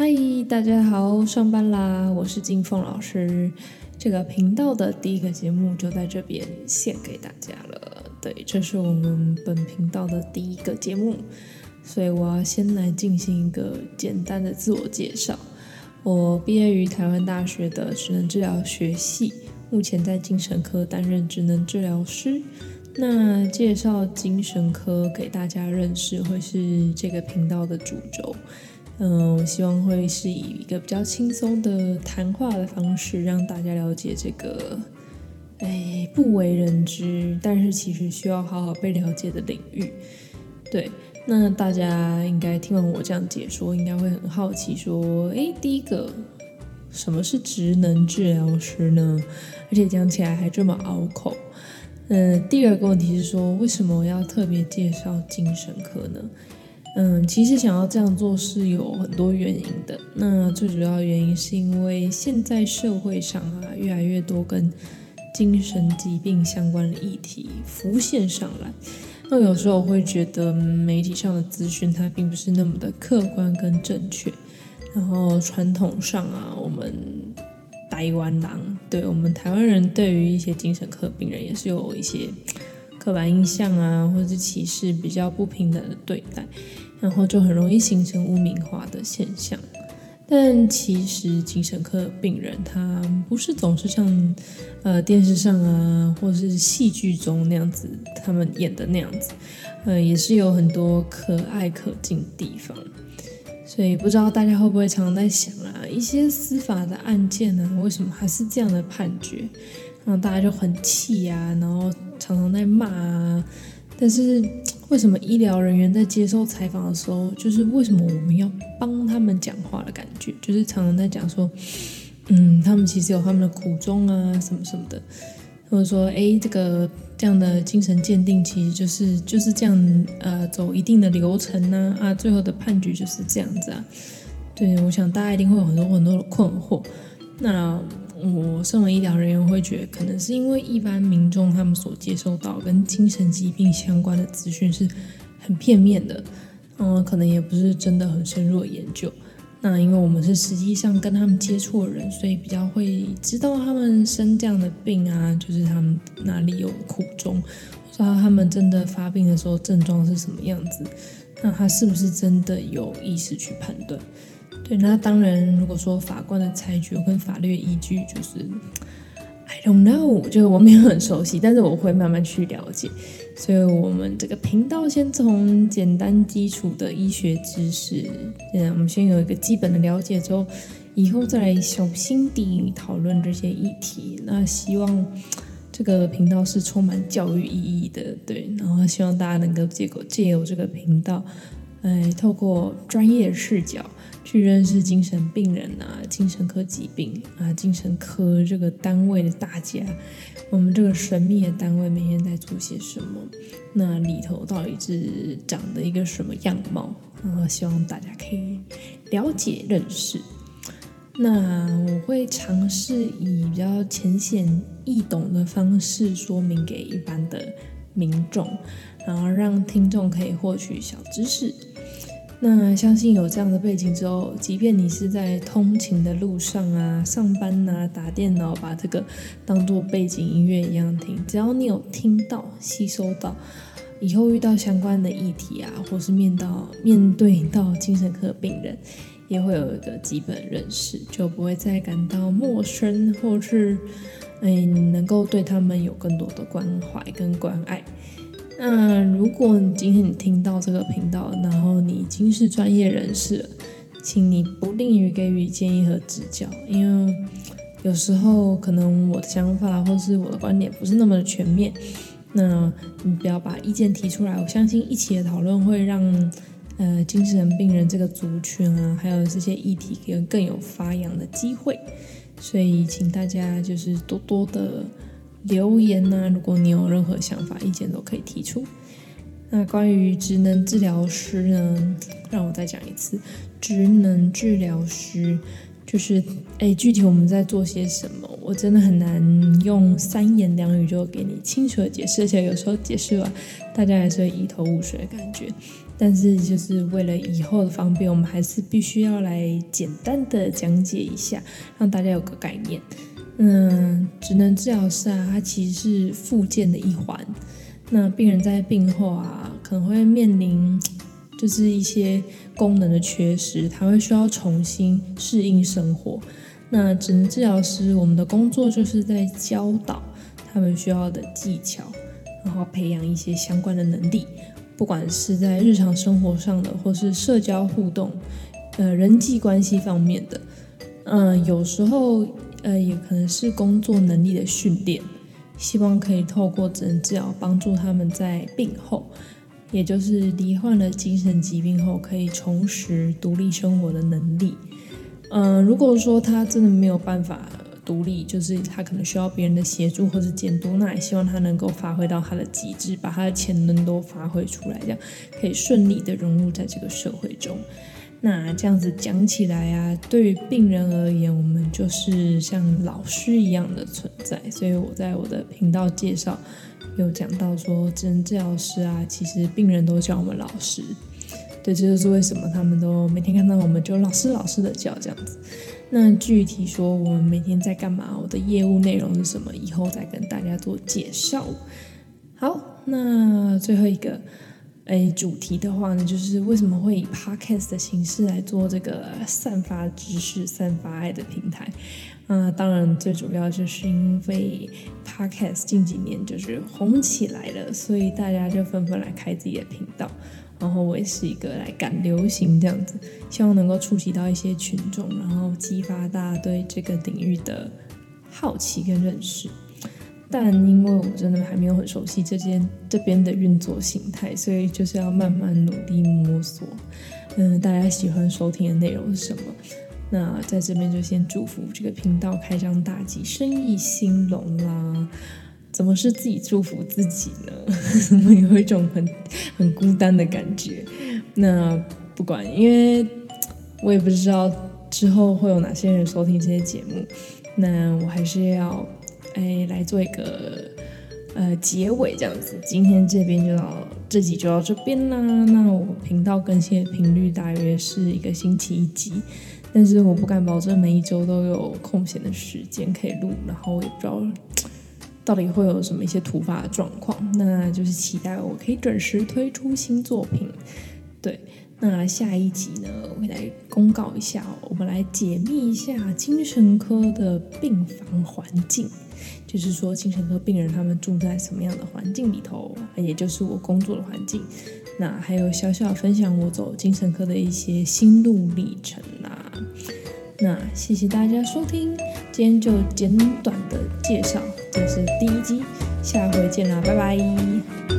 嗨，Hi, 大家好，上班啦！我是金鳳老師。這個頻道的第一個節目就在這邊獻給大家了。對，這是我們本頻道的第一個節目，所以我要先來進行一個簡單的自我介紹。我畢業於臺灣大學的職能治療學系，目前在精神科擔任職能治療師。那介紹精神科給大家認識，會是這個頻道的主軸，嗯，我希望會是以一個比較輕鬆的談話的方式，讓大家了解這個，哎，不為人知，但是其實需要好好被了解的領域。對，那大家應該聽完我這樣解說，應該會很好奇，說，哎，第一個，什麼是職能治療師呢？而且講起來還這麼拗口。嗯，第二個問題是說，為什麼我要特別介紹精神科呢？嗯，其實想要這樣做是有很多原因的。那最主要原因是因為現在社會上啊，越來越多跟精神疾病相關的議題浮現上來。那有時候我會覺得媒體上的資訊它並不是那麼的客觀跟正確。然後傳統上啊，我們台灣人。對，我們台灣人對於一些精神科病人也是有一些刻板印象啊，或者是歧視，比較不平等的對待，然後就很容易形成污名化的現象。但其實精神科病人他不是總是像呃電視上啊，或是戲劇中那樣子他們演的那樣子，呃，也是有很多可愛可敬的地方。所以不知道大家會不會常常在想啊，一些司法的案件呢，啊，為什麼還是這樣的判決？然後大家就很氣啊，然後常常在罵啊。但是為什麼醫療人員在接受採訪的時候，就是為什麼我們要幫他們講話的感覺？就是常常在講說，嗯，他們其實有他們的苦衷啊，什麼什麼的，或者說，哎，這個。這樣的精神鑑定其實就是就是這樣，呃，走一定的流程呢，啊，啊，最後的判決就是這樣子啊。對，我想大家一定會有很多很多的困惑。那我身為醫療人員，會覺得可能是因為一般民眾他們所接受到跟精神疾病相關的資訊是很片面的，嗯，可能也不是真的很深入的研究。那因為我們是實際上跟他們接觸的人，所以比較會知道他們生這樣的病啊，就是他們哪裡有苦衷，不知道他們真的發病的時候症狀是什麼樣子。那他是不是真的有意識去判斷？對，那當然，如果說法官的裁決跟法律依據就是。I don't know，就是我沒有很熟悉，但是我會慢慢去了解。所以，我們這個頻道先從簡單基礎的醫學知識，嗯，我們先有一個基本的了解之後，以後再來小心地討論這些議題。那希望這個頻道是充滿教育意義的，對，然後希望大家能夠借口借由這個頻道。哎，透過專業視角去認識精神病人吶、啊，精神科疾病啊，精神科這個單位的大家，我們這個神秘的單位每天在做些什麼？那裡頭到底是長的一個什麼樣貌，然後希望大家可以了解認識。那我會嘗試以比較淺顯易懂的方式說明給一般的民眾，然後讓聽眾可以獲取小知識。那相信有這樣的背景之後，即便你是在通勤的路上啊、上班吶、啊、打電腦，把這個當做背景音樂一樣聽，只要你有聽到、吸收到，以後遇到相關的議題啊，或是面到面對到精神科病人，也會有一個基本認識，就不會再感到陌生，或是誒，哎、能夠對他們有更多的關懷跟關愛。那如果你今天你聽到這個頻道，然後你已經是專業人士了，請你不吝於給予建議和指教，因為有時候可能我的想法或者是我的觀點不是那麼的全面，那你不要把意見提出來。我相信一起的討論會讓呃精神病人這個族群啊，還有這些議題更有發揚的機會，所以請大家就是多多的。留言呢、啊，如果你有任何想法、意見都可以提出。那關於職能治療師呢，讓我再講一次，職能治療師就是，誒、欸，具體我們在做些什麼，我真的很難用三言兩語就給你清楚的解釋一下。而且有時候解釋完，大家也是會一頭霧水的感覺。但是，就是為了以後的方便，我們還是必須要來簡單的講解一下，讓大家有個概念。嗯，職能治療師啊，它其實是復健的一環。那病人在病後啊，可能會面臨就是一些功能的缺失，他會需要重新適應生活。那職能治療師，我們的工作就是在教導他們需要的技巧，然後培養一些相關的能力，不管是在日常生活上的，或是社交互動，呃，人際關係方面的。嗯，有時候。也可能是工作能力的訓練，希望可以透過職能治療幫助他們在病後，也就是罹患了精神疾病後，可以重拾獨立生活的能力。嗯、呃，如果說他真的沒有辦法獨立，就是他可能需要別人的協助或者監督，那也希望他能夠發揮到他的極致，把他的潛能都發揮出來，這樣可以順利的融入在這個社會中。那這樣子講起來啊，對於病人而言，我們就是像老師一樣的存在。所以我在我的頻道介紹有講到說，真教師。啊，其實病人都叫我們老師。對，這就是為什麼他們都每天看到我們就老師老師的叫這樣子。那具體說我們每天在幹嘛，我的業務內容是什麼，以後再跟大家做介紹。好，那最後一個。哎，主題的話呢，就是為什麼會以 podcast 的形式來做這個散發知識、散發愛的平台？那、呃、當然，最主要就是因為 podcast 近幾年就是紅起來了，所以大家就紛紛來開自己的頻道。然後我也是一個來趕流行這樣子，希望能夠觸及到一些群眾，然後激發大家對這個領域的好奇跟認識。但因為我真的還沒有很熟悉這邊這邊的運作形態，所以就是要慢慢努力摸索。嗯，大家喜歡收聽的內容是什麼？那在這邊就先祝福這個頻道開張大吉，生意興隆啦！怎麼是自己祝福自己呢？我 有一種很很孤單的感覺。那不管，因為我也不知道之後會有哪些人收聽這些節目。那我還是要。哎，來做一個呃結尾這樣子，今天這邊就到，這集就到這邊啦。那我頻道更新的頻率大約是一個星期一集，但是我不敢保證每一周都有空閒的時間可以錄，然後我也不知道到底會有什麼一些突發的狀況，那就是期待我可以準時推出新作品，對。那下一集呢，我會來公告一下、哦，我們來解密一下精神科的病房環境，就是說精神科病人他們住在什麼樣的環境裡頭，也就是我工作的環境。那還有小小分享我走精神科的一些心路歷程啦、啊。那謝謝大家收聽，今天就簡短的介紹，這是第一集，下回見啦，拜拜。